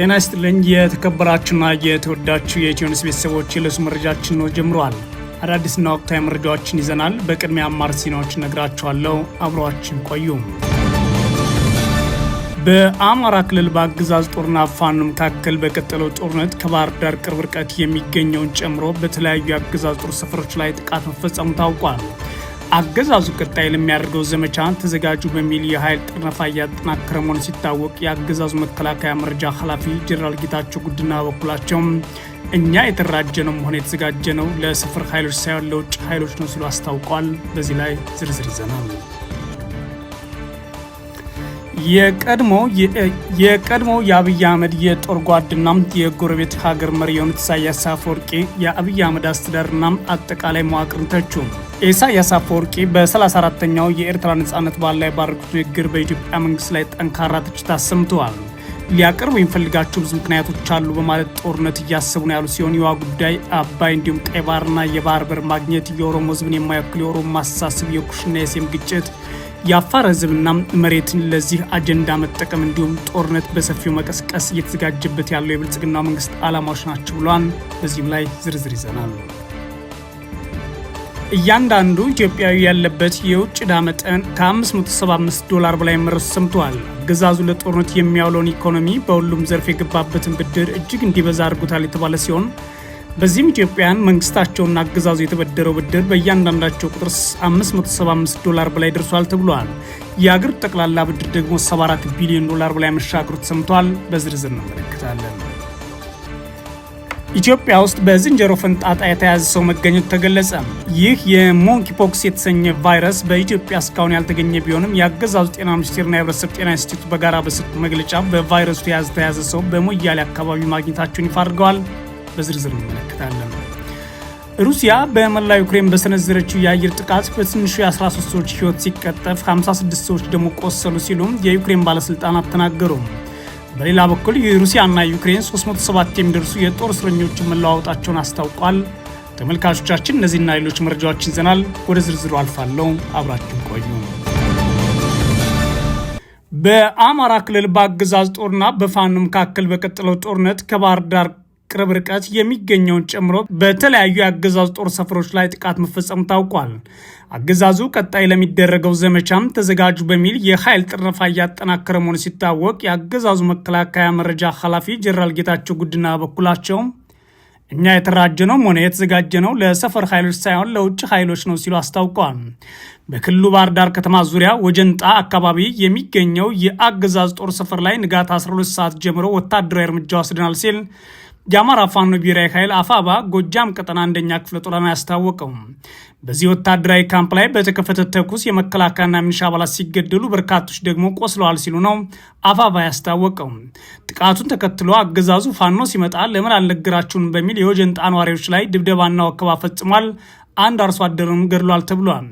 ጤና ይስጥልኝ የተከበራችሁና የተወዳችሁ የኢትዮኒስ ቤተሰቦች የለሱ መረጃችን ነው ጀምረዋል። አዳዲስና ወቅታዊ መረጃዎችን ይዘናል። በቅድሚያ አማር ዜናዎች ነግራችኋለሁ። አብረችን ቆዩ። በአማራ ክልል በአገዛዝ ጦርና ፋኖ መካከል በቀጠለው ጦርነት ከባህር ዳር ቅርብ ርቀት የሚገኘውን ጨምሮ በተለያዩ የአገዛዝ ጦር ሰፈሮች ላይ ጥቃት መፈጸሙ ታውቋል። አገዛዙ ቀጣይ ለሚያደርገው ዘመቻ ተዘጋጁ በሚል የኃይል ጥረፋ እያጠናከረ መሆኑ ሲታወቅ የአገዛዙ መከላከያ መረጃ ኃላፊ ጀኔራል ጌታቸው ጉድና በኩላቸው እኛ የተራጀ ነው መሆን የተዘጋጀ ነው ለስፍር ኃይሎች ሳይሆን ለውጭ ኃይሎች ነው ሲሉ አስታውቋል። በዚህ ላይ ዝርዝር ይዘናል። የቀድሞ የአብይ አህመድ የጦር ጓድና የጎረቤት ሀገር መሪ የሆኑት ኢሳያስ አፈወርቂ የአብይ አህመድ አስተዳደርና አጠቃላይ መዋቅርን ተቹ። ኢሳያስ አፈወርቂ በ34ተኛው የኤርትራ ነጻነት በዓል ላይ ባደረጉት ንግግር በኢትዮጵያ መንግስት ላይ ጠንካራ ትችት አሰምተዋል። ሊያቀርቡ የሚፈልጋቸው ብዙ ምክንያቶች አሉ በማለት ጦርነት እያሰቡ ነው ያሉ ሲሆን የዋ ጉዳይ፣ አባይ እንዲሁም ቀይ ባህርና የባህር በር ማግኘት፣ የኦሮሞ ህዝብን የማይወክል የኦሮሞ አስተሳሰብ፣ የኩሽና የሴም ግጭት፣ የአፋር ህዝብና መሬትን ለዚህ አጀንዳ መጠቀም እንዲሁም ጦርነት በሰፊው መቀስቀስ እየተዘጋጀበት ያለው የብልጽግና መንግስት ዓላማዎች ናቸው ብሏል። በዚህም ላይ ዝርዝር ይዘናል። እያንዳንዱ ኢትዮጵያዊ ያለበት የውጭ ዕዳ መጠን ከ575 ዶላር በላይ መድረሱ ሰምተዋል። ግዛዙ ለጦርነት የሚያውለውን ኢኮኖሚ በሁሉም ዘርፍ የገባበትን ብድር እጅግ እንዲበዛ አድርጎታል የተባለ ሲሆን በዚህም ኢትዮጵያውያን መንግስታቸውና አገዛዙ የተበደረው ብድር በእያንዳንዳቸው ቁጥር 575 ዶላር በላይ ደርሷል ተብሏል። የአገር ጠቅላላ ብድር ደግሞ 74 ቢሊዮን ዶላር በላይ መሻገሩ ተሰምቷል። በዝርዝር እንመለከታለን። ኢትዮጵያ ውስጥ በዝንጀሮ ፈንጣጣ የተያዘ ሰው መገኘቱ ተገለጸ። ይህ የሞንኪፖክስ የተሰኘ ቫይረስ በኢትዮጵያ እስካሁን ያልተገኘ ቢሆንም የአገዛዙ ጤና ሚኒስቴርና የህብረተሰብ ጤና ኢንስቲትዩት በጋራ በሰጡት መግለጫ በቫይረሱ የያዘ ተያዘ ሰው በሞያሌ አካባቢ ማግኘታቸውን ይፋ አድርገዋል። በዝርዝር እንመለከታለን። ሩሲያ በመላ ዩክሬን በሰነዘረችው የአየር ጥቃት በትንሹ የ13 ሰዎች ህይወት ሲቀጠፍ 56 ሰዎች ደግሞ ቆሰሉ ሲሉም የዩክሬን ባለስልጣናት ተናገሩ። በሌላ በኩል የሩሲያና ዩክሬን 307 የሚደርሱ የጦር እስረኞችን መለዋወጣቸውን አስታውቋል። ተመልካቾቻችን እነዚህና ሌሎች መረጃዎችን ይዘናል። ወደ ዝርዝሩ አልፋለሁ፣ አብራችን ቆዩ። በአማራ ክልል በአገዛዝ ጦርና በፋኖ መካከል በቀጠለው ጦርነት ከባህር ዳር ቅርብ ርቀት የሚገኘውን ጨምሮ በተለያዩ የአገዛዙ ጦር ሰፈሮች ላይ ጥቃት መፈጸሙ ታውቋል። አገዛዙ ቀጣይ ለሚደረገው ዘመቻም ተዘጋጁ በሚል የኃይል ጥረፋ እያጠናከረ መሆኑ ሲታወቅ የአገዛዙ መከላከያ መረጃ ኃላፊ ጀነራል ጌታቸው ጉድና በኩላቸው እኛ የተራጀነውም ሆነ የተዘጋጀነው ለሰፈር ኃይሎች ሳይሆን ለውጭ ኃይሎች ነው ሲሉ አስታውቋል። በክልሉ ባህር ዳር ከተማ ዙሪያ ወጀንጣ አካባቢ የሚገኘው የአገዛዝ ጦር ሰፈር ላይ ንጋት 12 ሰዓት ጀምሮ ወታደራዊ እርምጃ ወስደናል ሲል የአማራ ፋኖ ብሔራዊ ኃይል አፋባ ጎጃም ቀጠና አንደኛ ክፍለ ጦርን ያስታወቀው በዚህ ወታደራዊ ካምፕ ላይ በተከፈተ ተኩስ የመከላከያና ሚኒሻ አባላት ሲገደሉ በርካቶች ደግሞ ቆስለዋል ሲሉ ነው አፋባ ያስታወቀው። ጥቃቱን ተከትሎ አገዛዙ ፋኖ ሲመጣ ለምን አልነገራችሁን በሚል የወጀን ነዋሪዎች ላይ ድብደባና ወከባ ፈጽሟል። አንድ አርሶ አደርም ገድሏል ተብሏል።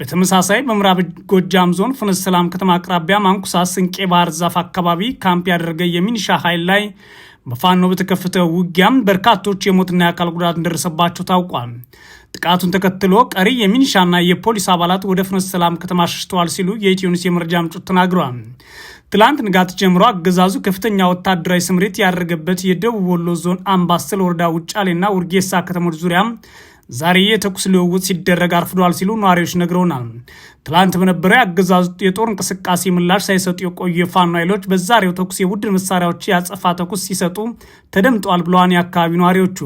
በተመሳሳይ በምዕራብ ጎጃም ዞን ፍኖተ ሰላም ከተማ አቅራቢያ ማንኩሳ ስንቄ ባህር ዛፍ አካባቢ ካምፕ ያደረገ የሚኒሻ ኃይል ላይ በፋኖ በተከፈተው ውጊያም በርካቶች የሞትና የአካል ጉዳት እንደደረሰባቸው ታውቋል። ጥቃቱን ተከትሎ ቀሪ የሚኒሻና የፖሊስ አባላት ወደ ፍኖተ ሰላም ከተማ ሸሽተዋል ሲሉ የኢትዮኒስ የመረጃ ምንጮች ተናግረዋል። ትላንት ንጋት ጀምሮ አገዛዙ ከፍተኛ ወታደራዊ ስምሪት ያደረገበት የደቡብ ወሎ ዞን አምባሰል ወረዳ ውጫሌና ውርጌሳ ከተሞች ዙሪያም ዛሬ የተኩስ ልውውጥ ሲደረግ አርፍዷል ሲሉ ነዋሪዎች ነግረውናል። ትላንት በነበረው የአገዛዙ የጦር እንቅስቃሴ ምላሽ ሳይሰጡ የቆዩ የፋኖ ኃይሎች በዛሬው ተኩስ የቡድን መሳሪያዎች ያጸፋ ተኩስ ሲሰጡ ተደምጠዋል ብለዋን የአካባቢ ነዋሪዎቹ።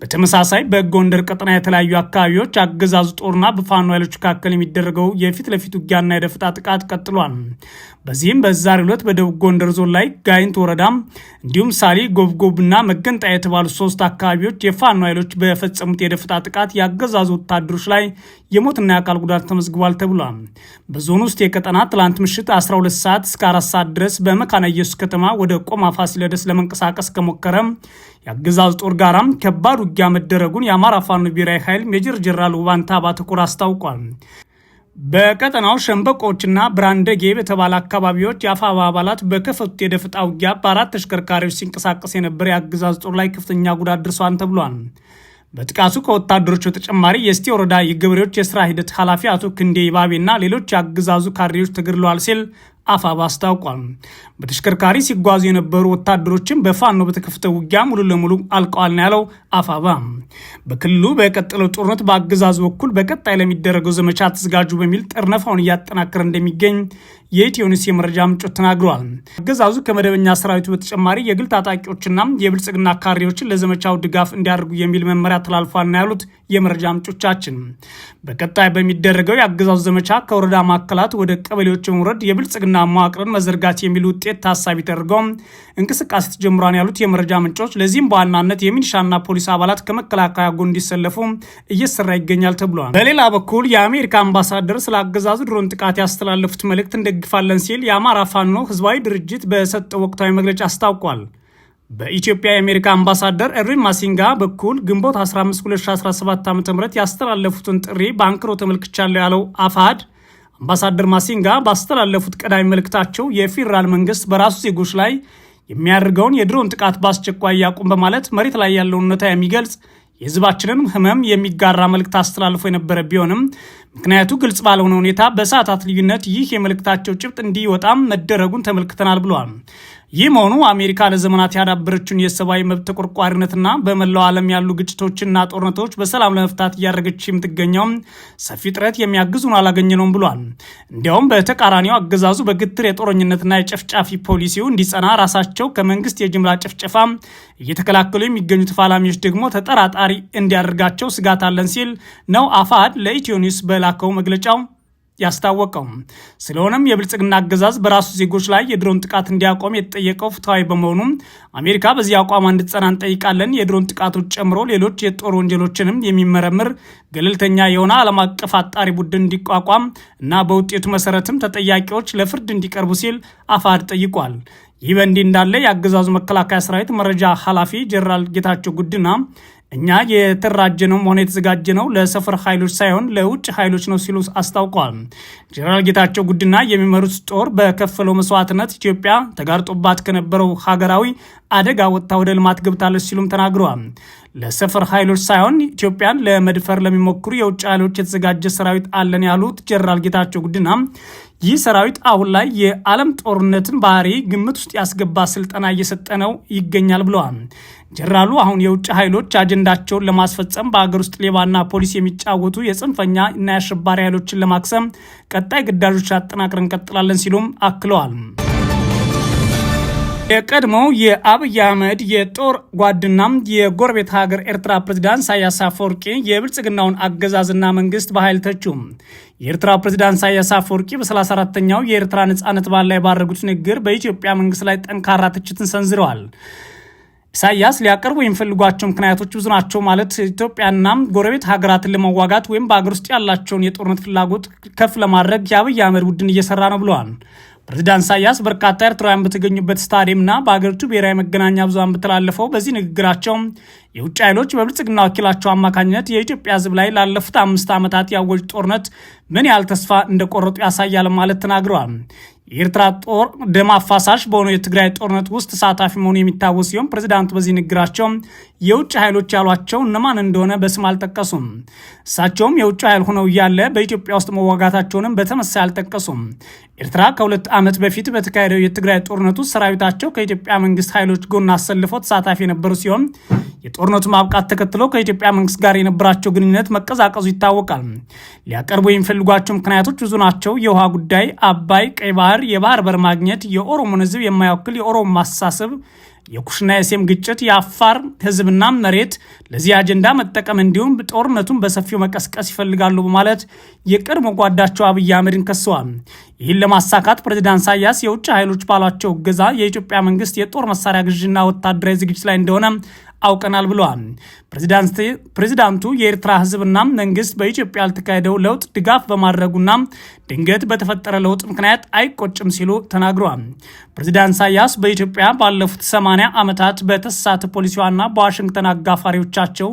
በተመሳሳይ በጎንደር ቀጠና የተለያዩ አካባቢዎች አገዛዙ ጦርና በፋኖ ኃይሎች መካከል የሚደረገው የፊት ለፊት ውጊያና የደፈጣ ጥቃት ቀጥሏል። በዚህም በዛሬ ዕለት በደቡብ ጎንደር ዞን ላይ ጋይንት ወረዳ እንዲሁም ሳሊ ጎብጎብና መገንጣ የተባሉ ሶስት አካባቢዎች የፋኖ ኃይሎች በፈጸሙት የደፈጣ ጥቃት የአገዛዙ ወታደሮች ላይ የሞትና የአካል ጉዳት ተመዝግቧል ተብሏል። አሉላ በዞን ውስጥ የቀጠና ትላንት ምሽት 12 ሰዓት እስከ 4 ሰዓት ድረስ በመካነ ኢየሱስ ከተማ ወደ ቆማ ፋሲለደስ ለመንቀሳቀስ ከሞከረም የአገዛዝ ጦር ጋራም ከባድ ውጊያ መደረጉን የአማራ ፋኖ ብሔራዊ ኃይል ሜጀር ጀነራል ውባንታ ባተኮር አስታውቋል። በቀጠናው ሸምበቆዎችና ብራንደጌ በተባለ አካባቢዎች የአፋባ አባላት በከፈቱት የደፍጣ ውጊያ በአራት ተሽከርካሪዎች ሲንቀሳቀስ የነበረ የአገዛዝ ጦር ላይ ከፍተኛ ጉዳት ደርሷል ተብሏል። በጥቃቱ ከወታደሮች በተጨማሪ የእስቴ ወረዳ የገበሬዎች የስራ ሂደት ኃላፊ አቶ ክንዴ ይባቤና ሌሎች የአገዛዙ ካድሬዎች ተገድለዋል ሲል አፋባ አስታውቋል። በተሽከርካሪ ሲጓዙ የነበሩ ወታደሮችን በፋኖ በተከፍተው ውጊያ ሙሉ ለሙሉ አልቀዋል ነው ያለው አፋባ። በክልሉ በቀጠለው ጦርነት በአገዛዙ በኩል በቀጣይ ለሚደረገው ዘመቻ ተዘጋጁ በሚል ጠርነፋውን እያጠናከረ እንደሚገኝ የኢትዮ የመረጃ ምንጮች ተናግረዋል። አገዛዙ ከመደበኛ ሰራዊቱ በተጨማሪ የግል ታጣቂዎችና የብልጽግና ካሬዎችን ለዘመቻው ድጋፍ እንዲያደርጉ የሚል መመሪያ ና ያሉት የመረጃ ምንጮቻችን በቀጣይ በሚደረገው የአገዛዙ ዘመቻ ከወረዳ ማዕከላት ወደ ቀበሌዎች መውረድ የብልጽግና መዋቅርን መዘርጋት የሚል ውጤት ታሳቢ ተደርገው እንቅስቃሴ ተጀምሯን ያሉት የመረጃ ምንጮች ለዚህም በዋናነት የሚኒሻና ፖሊስ አባላት ከመከላከያ ጎን እንዲሰለፉ እየሰራ ይገኛል ተብሏል። በሌላ በኩል የአሜሪካ አምባሳደር ስለ አገዛዙ ድሮን ጥቃት ያስተላለፉት መልእክት እንደ እንደግፋለን ሲል የአማራ ፋኖ ህዝባዊ ድርጅት በሰጠው ወቅታዊ መግለጫ አስታውቋል። በኢትዮጵያ የአሜሪካ አምባሳደር ኤርዊን ማሲንጋ በኩል ግንቦት 15 2017 ዓ ም ያስተላለፉትን ጥሪ በአንክሮ ተመልክቻለሁ ያለው አፋሕድ አምባሳደር ማሲንጋ ባስተላለፉት ቀዳሚ መልእክታቸው የፌዴራል መንግስት በራሱ ዜጎች ላይ የሚያደርገውን የድሮን ጥቃት በአስቸኳይ ያቁም በማለት መሬት ላይ ያለውን እውነታ የሚገልጽ የህዝባችንን ህመም የሚጋራ መልእክት አስተላልፎ የነበረ ቢሆንም ምክንያቱ ግልጽ ባልሆነ ሁኔታ በሰዓታት ልዩነት ይህ የመልእክታቸው ጭብጥ እንዲወጣም መደረጉን ተመልክተናል ብለዋል። ይህ መሆኑ አሜሪካ ለዘመናት ያዳበረችውን የሰብአዊ መብት ተቆርቋሪነትና በመላው ዓለም ያሉ ግጭቶችና ጦርነቶች በሰላም ለመፍታት እያደረገች የምትገኘው ሰፊ ጥረት የሚያግዙን አላገኘነውም ብሏል። እንዲያውም በተቃራኒው አገዛዙ በግትር የጦረኝነትና የጨፍጫፊ ፖሊሲው እንዲጸና ራሳቸው ከመንግስት የጅምላ ጭፍጨፋ እየተከላከሉ የሚገኙ ተፋላሚዎች ደግሞ ተጠራጣሪ እንዲያደርጋቸው ስጋት አለን ሲል ነው አፋሕድ ለኢትዮ ኒውስ በላከው መግለጫው ያስታወቀው። ስለሆነም የብልጽግና አገዛዝ በራሱ ዜጎች ላይ የድሮን ጥቃት እንዲያቆም የተጠየቀው ፍትሐዊ በመሆኑ አሜሪካ በዚህ አቋም እንድትጸና እንጠይቃለን። የድሮን ጥቃቶች ጨምሮ ሌሎች የጦር ወንጀሎችንም የሚመረምር ገለልተኛ የሆነ ዓለም አቀፍ አጣሪ ቡድን እንዲቋቋም እና በውጤቱ መሰረትም ተጠያቂዎች ለፍርድ እንዲቀርቡ ሲል አፋድ ጠይቋል። ይህ በእንዲህ እንዳለ የአገዛዙ መከላከያ ሰራዊት መረጃ ኃላፊ ጀራል ጌታቸው ጉድና እኛ የተራጀነውም ሆነ የተዘጋጀነው ለሰፈር ኃይሎች ሳይሆን ለውጭ ኃይሎች ነው ሲሉ አስታውቀዋል። ጀነራል ጌታቸው ጉድና የሚመሩት ጦር በከፈለው መስዋዕትነት ኢትዮጵያ ተጋርጦባት ከነበረው ሀገራዊ አደጋ ወጥታ ወደ ልማት ገብታለች ሲሉም ተናግረዋል። ለሰፈር ኃይሎች ሳይሆን ኢትዮጵያን ለመድፈር ለሚሞክሩ የውጭ ኃይሎች የተዘጋጀ ሰራዊት አለን ያሉት ጀነራል ጌታቸው ጉድና ይህ ሰራዊት አሁን ላይ የዓለም ጦርነትን ባህሪ ግምት ውስጥ ያስገባ ስልጠና እየሰጠ ነው ይገኛል ብለዋል። ጀነራሉ አሁን የውጭ ኃይሎች አጀንዳቸውን ለማስፈጸም በሀገር ውስጥ ሌባና ፖሊስ የሚጫወቱ የጽንፈኛ እና የአሸባሪ ኃይሎችን ለማክሰም ቀጣይ ግዳጆች አጠናክረን እንቀጥላለን ሲሉም አክለዋል። የቀድሞው የአብይ አህመድ የጦር ጓድና የጎረቤት ሀገር ኤርትራ ፕሬዝዳንት ኢሳያስ አፈወርቂ የብልጽግናውን አገዛዝና መንግስት በኃይል ተቹም። የኤርትራ ፕሬዚዳንት ኢሳያስ አፈወርቂ በ34ተኛው የኤርትራ ነጻነት በዓል ላይ ባደረጉት ንግግር በኢትዮጵያ መንግስት ላይ ጠንካራ ትችትን ሰንዝረዋል። ኢሳያስ ሊያቀርቡ የሚፈልጓቸው ምክንያቶች ብዙ ናቸው ማለት ኢትዮጵያና ጎረቤት ሀገራትን ለመዋጋት ወይም በሀገር ውስጥ ያላቸውን የጦርነት ፍላጎት ከፍ ለማድረግ የአብይ አህመድ ቡድን እየሰራ ነው ብለዋል። ፕሬዚዳንት ኢሳያስ በርካታ ኤርትራውያን በተገኙበት ስታዲየምና በሀገሪቱ ብሔራዊ መገናኛ ብዙሃን በተላለፈው በዚህ ንግግራቸው የውጭ ኃይሎች በብልጽግና ወኪላቸው አማካኝነት የኢትዮጵያ ህዝብ ላይ ላለፉት አምስት ዓመታት ያወጅ ጦርነት ምን ያህል ተስፋ እንደቆረጡ ያሳያል ማለት ተናግረዋል። የኤርትራ ጦር ደም አፋሳሽ በሆነው የትግራይ ጦርነት ውስጥ ተሳታፊ መሆኑ የሚታወስ ሲሆን ፕሬዚዳንቱ በዚህ ንግራቸው የውጭ ኃይሎች ያሏቸው እነማን እንደሆነ በስም አልጠቀሱም። እሳቸውም የውጭ ኃይል ሆነው እያለ በኢትዮጵያ ውስጥ መዋጋታቸውንም በተመሳይ አልጠቀሱም። ኤርትራ ከሁለት ዓመት በፊት በተካሄደው የትግራይ ጦርነት ውስጥ ሰራዊታቸው ከኢትዮጵያ መንግስት ኃይሎች ጎን አሰልፎ ተሳታፊ የነበሩ ሲሆን የጦር ጦርነቱ ማብቃት ተከትሎ ከኢትዮጵያ መንግስት ጋር የነበራቸው ግንኙነት መቀዛቀዙ ይታወቃል። ሊያቀርቡ የሚፈልጓቸው ምክንያቶች ብዙ ናቸው። የውሃ ጉዳይ፣ አባይ፣ ቀይ ባህር፣ የባህር በር ማግኘት፣ የኦሮሞን ህዝብ የማይወክል የኦሮሞ ማሳሰብ የኩሽና የሴም ግጭት የአፋር ህዝብና መሬት ለዚህ አጀንዳ መጠቀም እንዲሁም ጦርነቱን በሰፊው መቀስቀስ ይፈልጋሉ በማለት የቀድሞ ጓዳቸው አብይ አህመድን ከሰዋል። ይህን ለማሳካት ፕሬዚዳንት ኢሳያስ የውጭ ኃይሎች ባሏቸው እገዛ የኢትዮጵያ መንግስት የጦር መሳሪያ ግዥና ወታደራዊ ዝግጅት ላይ እንደሆነ አውቀናል ብለዋል። ፕሬዚዳንቱ የኤርትራ ህዝብና መንግስት በኢትዮጵያ ያልተካሄደው ለውጥ ድጋፍ በማድረጉና ድንገት በተፈጠረ ለውጥ ምክንያት አይቆጭም ሲሉ ተናግረዋል። ፕሬዚዳንት ኢሳያስ በኢትዮጵያ ባለፉት 80 ዓመታት በተሳተ ፖሊሲዋና በዋሽንግተን አጋፋሪዎቻቸው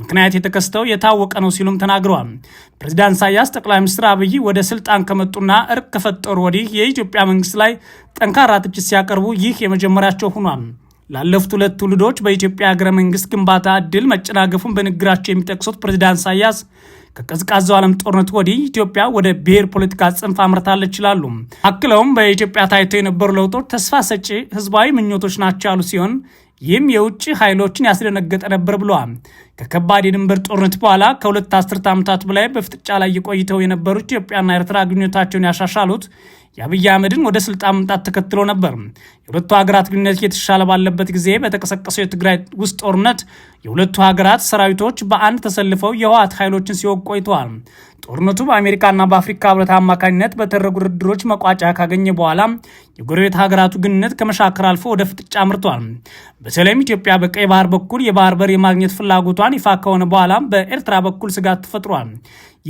ምክንያት የተከስተው የታወቀ ነው ሲሉም ተናግረዋል። ፕሬዚዳንት ኢሳያስ ጠቅላይ ሚኒስትር አብይ ወደ ስልጣን ከመጡና እርቅ ከፈጠሩ ወዲህ የኢትዮጵያ መንግስት ላይ ጠንካራ ትችት ሲያቀርቡ ይህ የመጀመሪያቸው ሆኗል። ላለፉት ሁለት ትውልዶች በኢትዮጵያ ሀገረ መንግስት ግንባታ እድል መጨናገፉን በንግግራቸው የሚጠቅሱት ፕሬዚዳንት ኢሳያስ ከቀዝቃዛው ዓለም ጦርነት ወዲህ ኢትዮጵያ ወደ ብሔር ፖለቲካ ጽንፍ አምርታለች ይላሉ። አክለውም በኢትዮጵያ ታይቶ የነበሩ ለውጦች ተስፋ ሰጪ ህዝባዊ ምኞቶች ናቸው ያሉ ሲሆን ይህም የውጭ ኃይሎችን ያስደነገጠ ነበር ብለዋል። ከከባድ የድንበር ጦርነት በኋላ ከሁለት አስርት ዓመታት በላይ በፍጥጫ ላይ የቆይተው የነበሩ ኢትዮጵያና ኤርትራ ግንኙነታቸውን ያሻሻሉት የአብይ አህመድን ወደ ስልጣን መምጣት ተከትሎ ነበር። የሁለቱ ሀገራት ግንኙነት እየተሻለ ባለበት ጊዜ በተቀሰቀሰው የትግራይ ውስጥ ጦርነት የሁለቱ ሀገራት ሰራዊቶች በአንድ ተሰልፈው የህወሓት ኃይሎችን ሲወቅ ቆይተዋል። ጦርነቱ በአሜሪካና በአፍሪካ ህብረት አማካኝነት በተደረጉ ድርድሮች መቋጫ ካገኘ በኋላ የጎረቤት ሀገራቱ ግንኙነት ከመሻከር አልፎ ወደ ፍጥጫ አምርቷል። በተለይም ኢትዮጵያ በቀይ ባህር በኩል የባህር በር የማግኘት ፍላጎቷን ይፋ ከሆነ በኋላ በኤርትራ በኩል ስጋት ተፈጥሯል።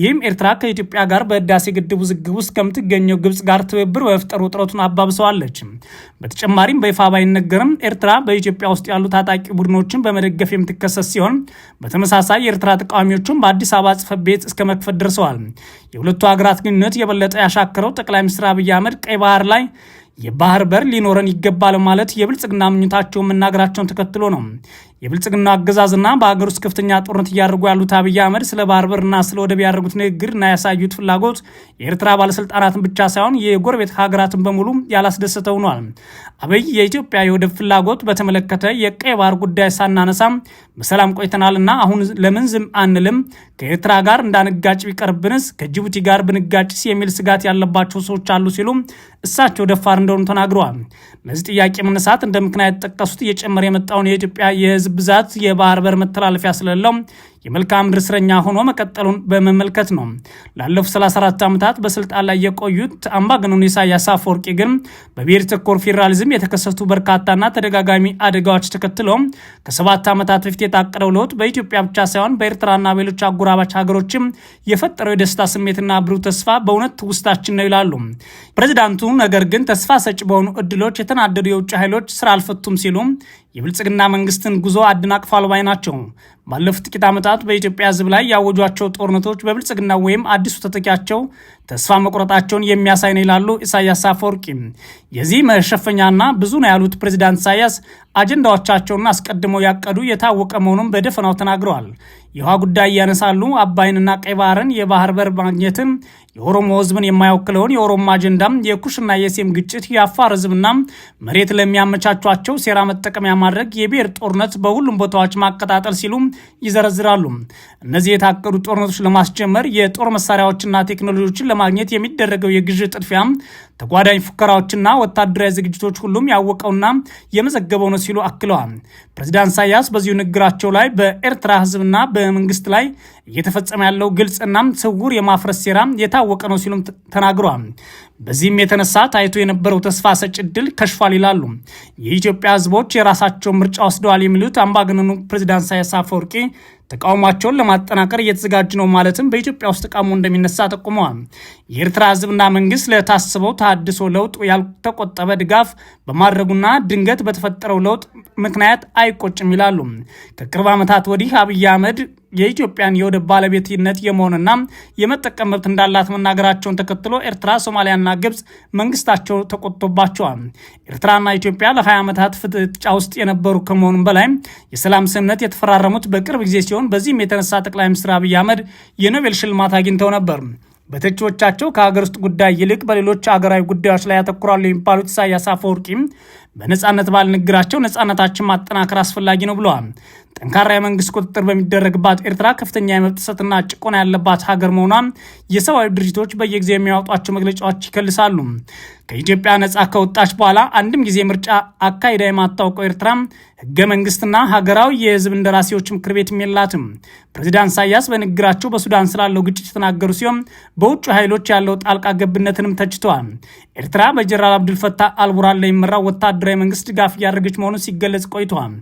ይህም ኤርትራ ከኢትዮጵያ ጋር በህዳሴ ግድብ ውዝግብ ውስጥ ከምትገኘው ግብጽ ጋር ትብብር በመፍጠር ውጥረቱን አባብሰዋለች። በተጨማሪም በይፋ ባይነገርም ኤርትራ በኢትዮጵያ ውስጥ ያሉ ታጣቂ ቡድኖችን በመደገፍ የምትከሰስ ሲሆን በተመሳሳይ የኤርትራ ተቃዋሚዎቹን በአዲስ አበባ ጽፈት ቤት እስከ መክፈት ደርሰዋል። የሁለቱ ሀገራት ግንኙነት የበለጠ ያሻከረው ጠቅላይ ሚኒስትር አብይ አህመድ ቀይ ባህር ላይ የባህር በር ሊኖረን ይገባል ማለት የብልጽግና ምኞታቸውን መናገራቸውን ተከትሎ ነው። የብልጽግና አገዛዝና በሀገር ውስጥ ከፍተኛ ጦርነት እያደረጉ ያሉት አብይ አህመድ ስለ ባህር በርና ስለ ወደብ ያደረጉት ንግግርና ያሳዩት ፍላጎት የኤርትራ ባለስልጣናትን ብቻ ሳይሆን የጎረቤት ሀገራትን በሙሉ ያላስደሰተ ሆኗል። አብይ የኢትዮጵያ የወደብ ፍላጎት በተመለከተ የቀይ ባህር ጉዳይ ሳናነሳም በሰላም እና አሁን ለምን ዝም አንልም? ከኤርትራ ጋር እንዳንጋጭ ቢቀርብንስ? ከጅቡቲ ጋር ብንጋጭስ? የሚል ስጋት ያለባቸው ሰዎች አሉ ሲሉ እሳቸው ደፋር እንደሆኑ ተናግረዋል። ለዚህ ጥያቄ መነሳት እንደ ምክንያት የጠቀሱት እየጨመረ የመጣውን የኢትዮጵያ የህዝብ ብዛት የባህር በር መተላለፊያ ስለሌለው የመልክዓ ምድር እስረኛ ሆኖ መቀጠሉን በመመልከት ነው። ላለፉት 34 ዓመታት በስልጣን ላይ የቆዩት አምባገነኑ ኢሳያስ አፈወርቂ ግን በብሔር ተኮር ፌዴራሊዝም የተከሰቱ በርካታና ተደጋጋሚ አደጋዎች ተከትሎ ከሰባት ዓመታት በፊት የታቀደው ለውጥ በኢትዮጵያ ብቻ ሳይሆን በኤርትራና በሌሎች አጎራባች ሀገሮችም የፈጠረው የደስታ ስሜትና ብሩህ ተስፋ በእውነት ውስጣችን ነው ይላሉ ፕሬዚዳንቱ። ነገር ግን ተስፋ ሰጭ በሆኑ እድሎች የተናደዱ የውጭ ኃይሎች ስራ አልፈቱም ሲሉ የብልጽግና መንግስትን ጉዞ አደናቅፏል ባይ ናቸው። ባለፉት ጥቂት ዓመታት በኢትዮጵያ ሕዝብ ላይ ያወጇቸው ጦርነቶች በብልጽግና ወይም አዲሱ ተተኪያቸው ተስፋ መቁረጣቸውን የሚያሳይ ነው ይላሉ ኢሳያስ አፈወርቂ። የዚህ መሸፈኛና ብዙ ነው ያሉት ፕሬዚዳንት ኢሳያስ አጀንዳዎቻቸውን አስቀድመው ያቀዱ የታወቀ መሆኑን በደፈናው ተናግረዋል። የውሃ ጉዳይ ያነሳሉ። አባይንና ቀይ ባህርን፣ የባህር በር ማግኘትን፣ የኦሮሞ ህዝብን የማይወክለውን የኦሮሞ አጀንዳ፣ የኩሽና የሴም ግጭት፣ የአፋር ህዝብና መሬት ለሚያመቻቿቸው ሴራ መጠቀሚያ ማድረግ፣ የብሔር ጦርነት በሁሉም ቦታዎች ማቀጣጠል ሲሉ ይዘረዝራሉ። እነዚህ የታቀዱ ጦርነቶች ለማስጀመር የጦር መሳሪያዎችና ቴክኖሎጂዎችን ለማግኘት የሚደረገው የግዥ ጥድፊያም ተጓዳኝ ፉከራዎችና ወታደራዊ ዝግጅቶች ሁሉም ያወቀውና የመዘገበው ነው ሲሉ አክለዋል። ፕሬዚዳንት ኢሳያስ በዚሁ ንግግራቸው ላይ በኤርትራ ህዝብና በመንግስት ላይ እየተፈጸመ ያለው ግልጽና ስውር የማፍረስ ሴራ የታወቀ ነው ሲሉም ተናግረዋል። በዚህም የተነሳ ታይቶ የነበረው ተስፋ ሰጭ እድል ከሽፏል ይላሉ። የኢትዮጵያ ህዝቦች የራሳቸውን ምርጫ ወስደዋል የሚሉት አምባገነኑ ፕሬዚዳንት ኢሳያስ አፈወርቂ ተቃውሟቸውን ለማጠናከር እየተዘጋጁ ነው ማለትም በኢትዮጵያ ውስጥ ተቃውሞ እንደሚነሳ ጠቁመዋል። የኤርትራ ህዝብና መንግስት ለታስበው ተሃድሶ ለውጥ ያልተቆጠበ ድጋፍ በማድረጉና ድንገት በተፈጠረው ለውጥ ምክንያት አይቆጭም ይላሉ። ከቅርብ ዓመታት ወዲህ አብይ አህመድ የኢትዮጵያን የወደብ ባለቤትነት የመሆንና የመጠቀም መብት እንዳላት መናገራቸውን ተከትሎ ኤርትራ፣ ሶማሊያና ግብፅ መንግስታቸው ተቆጥቶባቸዋል። ኤርትራና ኢትዮጵያ ለ20 ዓመታት ፍጥጫ ውስጥ የነበሩ ከመሆኑም በላይ የሰላም ስምምነት የተፈራረሙት በቅርብ ጊዜ ሲሆን በዚህም የተነሳ ጠቅላይ ሚኒስትር አብይ አህመድ የኖቤል ሽልማት አግኝተው ነበር። በተቺዎቻቸው ከሀገር ውስጥ ጉዳይ ይልቅ በሌሎች ሀገራዊ ጉዳዮች ላይ ያተኩራሉ የሚባሉት ኢሳያስ አፈወርቂም በነጻነት ባል ንግግራቸው ነጻነታችን ማጠናከር አስፈላጊ ነው ብለዋል። ጠንካራ የመንግስት ቁጥጥር በሚደረግባት ኤርትራ ከፍተኛ የመብት ጥሰትና ጭቆና ያለባት ሀገር መሆኗን የሰብአዊ ድርጅቶች በየጊዜው የሚያወጧቸው መግለጫዎች ይከልሳሉ። ከኢትዮጵያ ነጻ ከወጣች በኋላ አንድም ጊዜ ምርጫ አካሂዳ የማታውቀው ኤርትራ ህገ መንግስትና ሀገራዊ የህዝብ እንደራሴዎች ምክር ቤት የላትም። ፕሬዚዳንት ኢሳያስ በንግግራቸው በሱዳን ስላለው ግጭት የተናገሩ ሲሆን በውጭ ኃይሎች ያለው ጣልቃ ገብነትንም ተችተዋል። ኤርትራ በጀነራል አብዱልፈታ አልቡራን ላይ የሚመራው ወታደራዊ መንግስት ድጋፍ እያደረገች መሆኑን ሲገለጽ ቆይተዋል።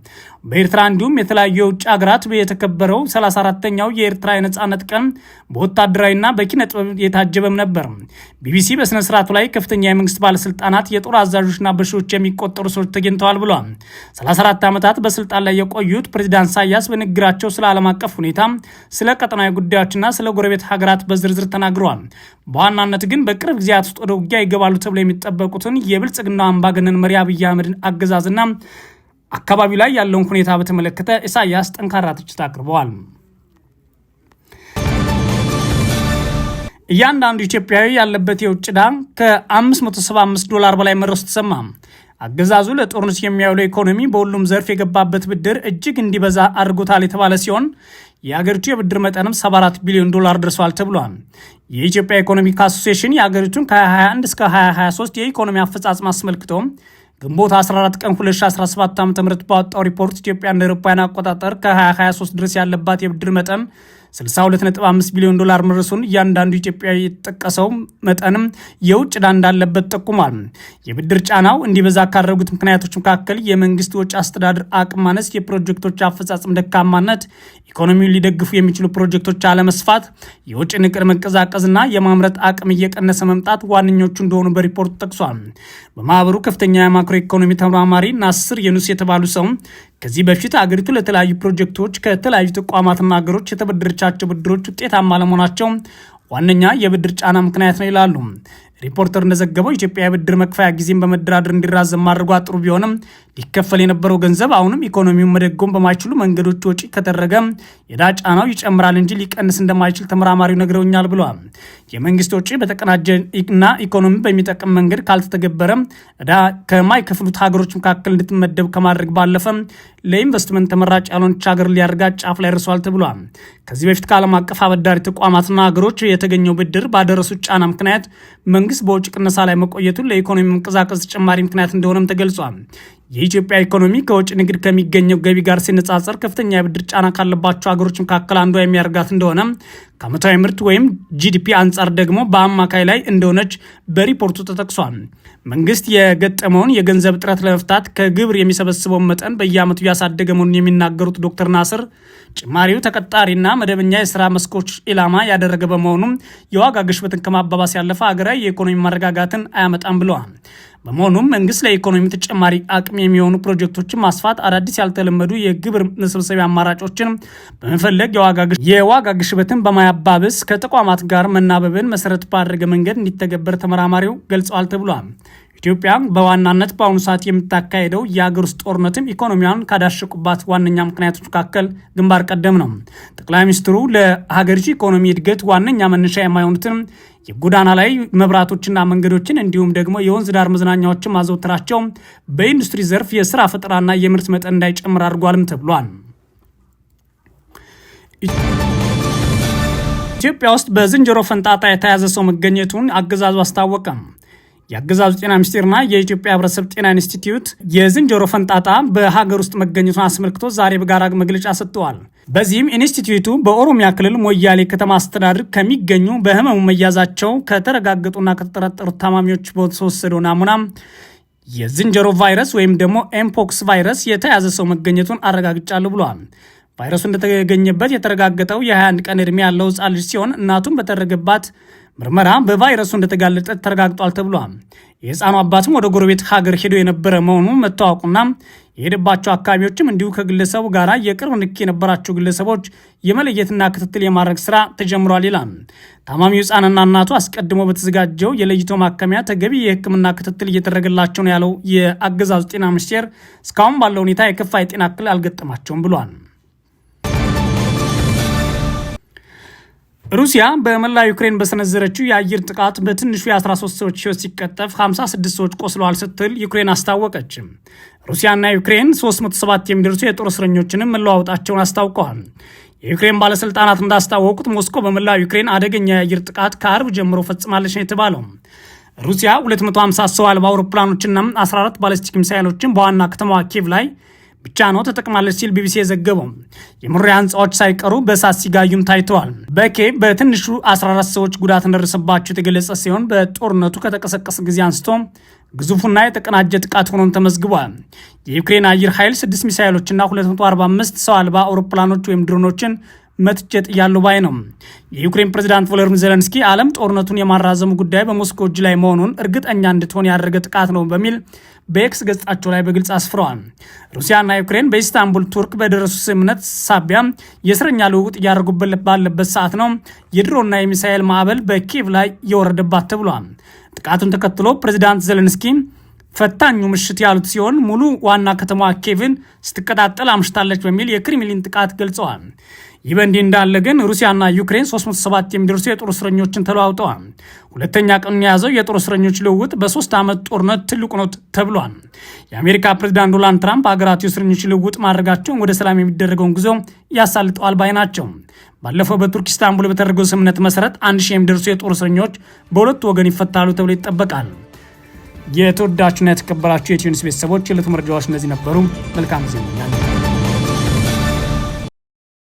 በኤርትራ እንዲሁም የተለያዩ የውጭ ሀገራት የተከበረው 34ተኛው የኤርትራ የነጻነት ቀን በወታደራዊና በኪነ ጥበብ የታጀበም ነበር። ቢቢሲ በስነስርዓቱ ላይ ከፍተኛ የመንግስት የመንግስት ባለስልጣናት፣ የጦር አዛዦችና በሺዎች የሚቆጠሩ ሰዎች ተገኝተዋል ብሏል። 34 ዓመታት በስልጣን ላይ የቆዩት ፕሬዚዳንት ኢሳያስ በንግግራቸው ስለ ዓለም አቀፍ ሁኔታ፣ ስለ ቀጠናዊ ጉዳዮችና ስለ ጎረቤት ሀገራት በዝርዝር ተናግረዋል። በዋናነት ግን በቅርብ ጊዜያት ውስጥ ወደ ውጊያ ይገባሉ ተብሎ የሚጠበቁትን የብልጽግና አምባገነን መሪ አብይ አህመድን አገዛዝና አካባቢው ላይ ያለውን ሁኔታ በተመለከተ ኢሳያስ ጠንካራ ትችት አቅርበዋል። እያንዳንዱ ኢትዮጵያዊ ያለበት የውጭ ዕዳ ከ575 ዶላር በላይ መድረሱ ተሰማ። አገዛዙ ለጦርነት የሚያውለው ኢኮኖሚ በሁሉም ዘርፍ የገባበት ብድር እጅግ እንዲበዛ አድርጎታል የተባለ ሲሆን የአገሪቱ የብድር መጠንም 74 ቢሊዮን ዶላር ደርሷል ተብሏል። የኢትዮጵያ ኢኮኖሚክ አሶሲሽን የአገሪቱን ከ 21 እስከ 2023 የኢኮኖሚ አፈጻጽም አስመልክቶ ግንቦት 14 ቀን 2017 ዓ ም ባወጣው ሪፖርት ኢትዮጵያ እንደ አውሮፓውያን አቆጣጠር ከ2023 ድረስ ያለባት የብድር መጠን 62.5 ቢሊዮን ዶላር መድረሱን እያንዳንዱ ኢትዮጵያዊ የተጠቀሰው መጠንም የውጭ ዕዳ እንዳለበት ጠቁሟል። የብድር ጫናው እንዲበዛ ካደረጉት ምክንያቶች መካከል የመንግስት ወጪ አስተዳደር አቅም ማነስ፣ የፕሮጀክቶች አፈጻጸም ደካማነት፣ ኢኮኖሚውን ሊደግፉ የሚችሉ ፕሮጀክቶች አለመስፋት፣ የውጭ ንቅር መቀዛቀዝና የማምረት አቅም እየቀነሰ መምጣት ዋነኞቹ እንደሆኑ በሪፖርቱ ጠቅሷል። በማህበሩ ከፍተኛ የማክሮ ኢኮኖሚ ተመራማሪ ናስር የኑስ የተባሉ ሰው ከዚህ በፊት አገሪቱ ለተለያዩ ፕሮጀክቶች ከተለያዩ ተቋማትና ሀገሮች የተበደረቻቸው ብድሮች ውጤታማ ለመሆናቸው ዋነኛ የብድር ጫና ምክንያት ነው ይላሉ። ሪፖርተር እንደዘገበው ኢትዮጵያ የብድር መክፈያ ጊዜን በመደራደር እንዲራዘም ማድረጓ ጥሩ ቢሆንም ሊከፈል የነበረው ገንዘብ አሁንም ኢኮኖሚውን መደጎም በማይችሉ መንገዶች ወጪ ከተደረገ የዕዳ ጫናው ይጨምራል እንጂ ሊቀንስ እንደማይችል ተመራማሪው ነግረውኛል ብለዋል። የመንግስት ወጪ በተቀናጀ እና ኢኮኖሚ በሚጠቅም መንገድ ካልተተገበረ ዕዳ ከማይከፍሉት ሀገሮች መካከል እንድትመደብ ከማድረግ ባለፈ ለኢንቨስትመንት ተመራጭ ያልሆነች ሀገር ሊያደርጋት ጫፍ ላይ ደርሷል ተብሏል። ከዚህ በፊት ከዓለም አቀፍ አበዳሪ ተቋማትና ሀገሮች የተገኘው ብድር ባደረሱት ጫና ምክንያት መንግስት በውጭ ቅነሳ ላይ መቆየቱን ለኢኮኖሚ መንቀሳቀስ ተጨማሪ ምክንያት እንደሆነም ተገልጿል። የኢትዮጵያ ኢኮኖሚ ከውጭ ንግድ ከሚገኘው ገቢ ጋር ሲነጻጸር ከፍተኛ የብድር ጫና ካለባቸው ሀገሮች መካከል አንዷ የሚያደርጋት እንደሆነ ከዓመታዊ ምርት ወይም ጂዲፒ አንጻር ደግሞ በአማካይ ላይ እንደሆነች በሪፖርቱ ተጠቅሷል። መንግስት የገጠመውን የገንዘብ እጥረት ለመፍታት ከግብር የሚሰበስበውን መጠን በየዓመቱ እያሳደገ መሆኑን የሚናገሩት ዶክተር ናስር ጭማሪው ተቀጣሪና መደበኛ የስራ መስኮች ኢላማ ያደረገ በመሆኑም የዋጋ ግሽበትን ከማባባስ ያለፈ ሀገራዊ የኢኮኖሚ ማረጋጋትን አያመጣም ብለዋል። በመሆኑም መንግስት ለኢኮኖሚ ተጨማሪ አቅም የሚሆኑ ፕሮጀክቶችን ማስፋት፣ አዳዲስ ያልተለመዱ የግብር መሰብሰቢያ አማራጮችን በመፈለግ የዋጋ ግሽበትን በማያባብስ ከተቋማት ጋር መናበብን መሰረት ባደረገ መንገድ እንዲተገበር ተመራማሪው ገልጸዋል ተብሏል። ኢትዮጵያ በዋናነት በአሁኑ ሰዓት የምታካሄደው የአገር ውስጥ ጦርነትም ኢኮኖሚያን ካዳሸቁባት ዋነኛ ምክንያቶች መካከል ግንባር ቀደም ነው። ጠቅላይ ሚኒስትሩ ለሀገሪቱ ኢኮኖሚ እድገት ዋነኛ መነሻ የማይሆኑትን የጎዳና ላይ መብራቶችና መንገዶችን እንዲሁም ደግሞ የወንዝ ዳር መዝናኛዎችን ማዘውተራቸው በኢንዱስትሪ ዘርፍ የስራ ፈጠራና የምርት መጠን እንዳይጨምር አድርጓልም ተብሏል። ኢትዮጵያ ውስጥ በዝንጀሮ ፈንጣጣ የተያዘ ሰው መገኘቱን አገዛዙ አስታወቀም። የአገዛዙ ጤና ሚኒስቴርና የኢትዮጵያ ህብረተሰብ ጤና ኢንስቲትዩት የዝንጀሮ ፈንጣጣ በሀገር ውስጥ መገኘቱን አስመልክቶ ዛሬ በጋራ መግለጫ ሰጥተዋል። በዚህም ኢንስቲትዩቱ በኦሮሚያ ክልል ሞያሌ ከተማ አስተዳደር ከሚገኙ በህመሙ መያዛቸው ከተረጋገጡና ከተጠረጠሩት ታማሚዎች በተወሰደው ናሙና የዝንጀሮ ቫይረስ ወይም ደግሞ ኤምፖክስ ቫይረስ የተያዘ ሰው መገኘቱን አረጋግጫለሁ ብሏል። ቫይረሱ እንደተገኘበት የተረጋገጠው የ21 ቀን ዕድሜ ያለው ህጻን ልጅ ሲሆን እናቱም በተደረገባት ምርመራ በቫይረሱ እንደተጋለጠ ተረጋግጧል ተብሏል። የህፃኑ አባትም ወደ ጎረቤት ሀገር ሄዶ የነበረ መሆኑ መታወቁና የሄደባቸው አካባቢዎችም እንዲሁ ከግለሰቡ ጋር የቅርብ ንክ የነበራቸው ግለሰቦች የመለየትና ክትትል የማድረግ ስራ ተጀምሯል ይላል። ታማሚው ህፃንና እናቱ አስቀድሞ በተዘጋጀው የለይቶ ማከሚያ ተገቢ የህክምና ክትትል እየተደረገላቸው ነው ያለው የአገዛዙ ጤና ሚኒስቴር እስካሁን ባለው ሁኔታ የከፋ የጤና እክል አልገጠማቸውም ብሏል። ሩሲያ በመላ ዩክሬን በሰነዘረችው የአየር ጥቃት በትንሹ የ13 ሰዎች ህይወት ሲቀጠፍ 56 ሰዎች ቆስለዋል ስትል ዩክሬን አስታወቀች። ሩሲያና ዩክሬን 307 የሚደርሱ የጦር እስረኞችንም መለዋወጣቸውን አስታውቀዋል። የዩክሬን ባለስልጣናት እንዳስታወቁት ሞስኮ በመላ ዩክሬን አደገኛ የአየር ጥቃት ከአርብ ጀምሮ ፈጽማለች ነው የተባለው። ሩሲያ 250 ሰው አልባ አውሮፕላኖችና 14 ባለስቲክ ሚሳይሎችን በዋና ከተማዋ ኪቭ ላይ ብቻ ነው ተጠቅማለች ሲል ቢቢሲ የዘገበው። የሙሪያ ህንፃዎች ሳይቀሩ በእሳት ሲጋዩም ታይተዋል። በኬ በትንሹ 14 ሰዎች ጉዳት እንደደረሰባቸው የተገለጸ ሲሆን በጦርነቱ ከተቀሰቀሰ ጊዜ አንስቶ ግዙፉና የተቀናጀ ጥቃት ሆኖም ተመዝግቧል። የዩክሬን አየር ኃይል 6 ሚሳይሎችና 245 ሰው አልባ አውሮፕላኖች ወይም ድሮኖችን መትጨት እያሉ ባይ ነው። የዩክሬን ፕሬዚዳንት ቮሎዲሚር ዜለንስኪ ዓለም ጦርነቱን የማራዘሙ ጉዳይ በሞስኮ እጅ ላይ መሆኑን እርግጠኛ እንድትሆን ያደረገ ጥቃት ነው በሚል በኤክስ ገጻቸው ላይ በግልጽ አስፍረዋል። ሩሲያና ዩክሬን በኢስታንቡል ቱርክ በደረሱ ስምምነት ሳቢያ የእስረኛ ልውውጥ እያደረጉበት ባለበት ሰዓት ነው የድሮና የሚሳኤል ማዕበል በኪቭ ላይ የወረደባት ተብሏል። ጥቃቱን ተከትሎ ፕሬዚዳንት ዜለንስኪ ፈታኙ ምሽት ያሉት ሲሆን ሙሉ ዋና ከተማ ኬቭን ስትቀጣጠል አምሽታለች በሚል የክሪምሊን ጥቃት ገልጸዋል። ይህ በእንዲህ እንዳለ ግን ሩሲያና ዩክሬን 37 የሚደርሱ የጦር እስረኞችን ተለዋውጠዋል። ሁለተኛ ቀኑን የያዘው የጦር እስረኞች ልውውጥ በሶስት ዓመት ጦርነት ትልቁ ነው ተብሏል። የአሜሪካ ፕሬዚዳንት ዶናልድ ትራምፕ ሀገራቱ የእስረኞች ልውውጥ ማድረጋቸውን ወደ ሰላም የሚደረገውን ጉዞ ያሳልጠዋል ባይ ናቸው። ባለፈው በቱርክ ኢስታንቡል በተደረገው ስምምነት መሰረት አንድ ሺህ የሚደርሱ የጦር እስረኞች በሁለቱ ወገን ይፈታሉ ተብሎ ይጠበቃል። የተወዳችሁና የተከበራችሁ የኢትዮ ኒውስ ቤተሰቦች የዕለቱ መረጃዎች እነዚህ ነበሩ። መልካም ጊዜ ዜና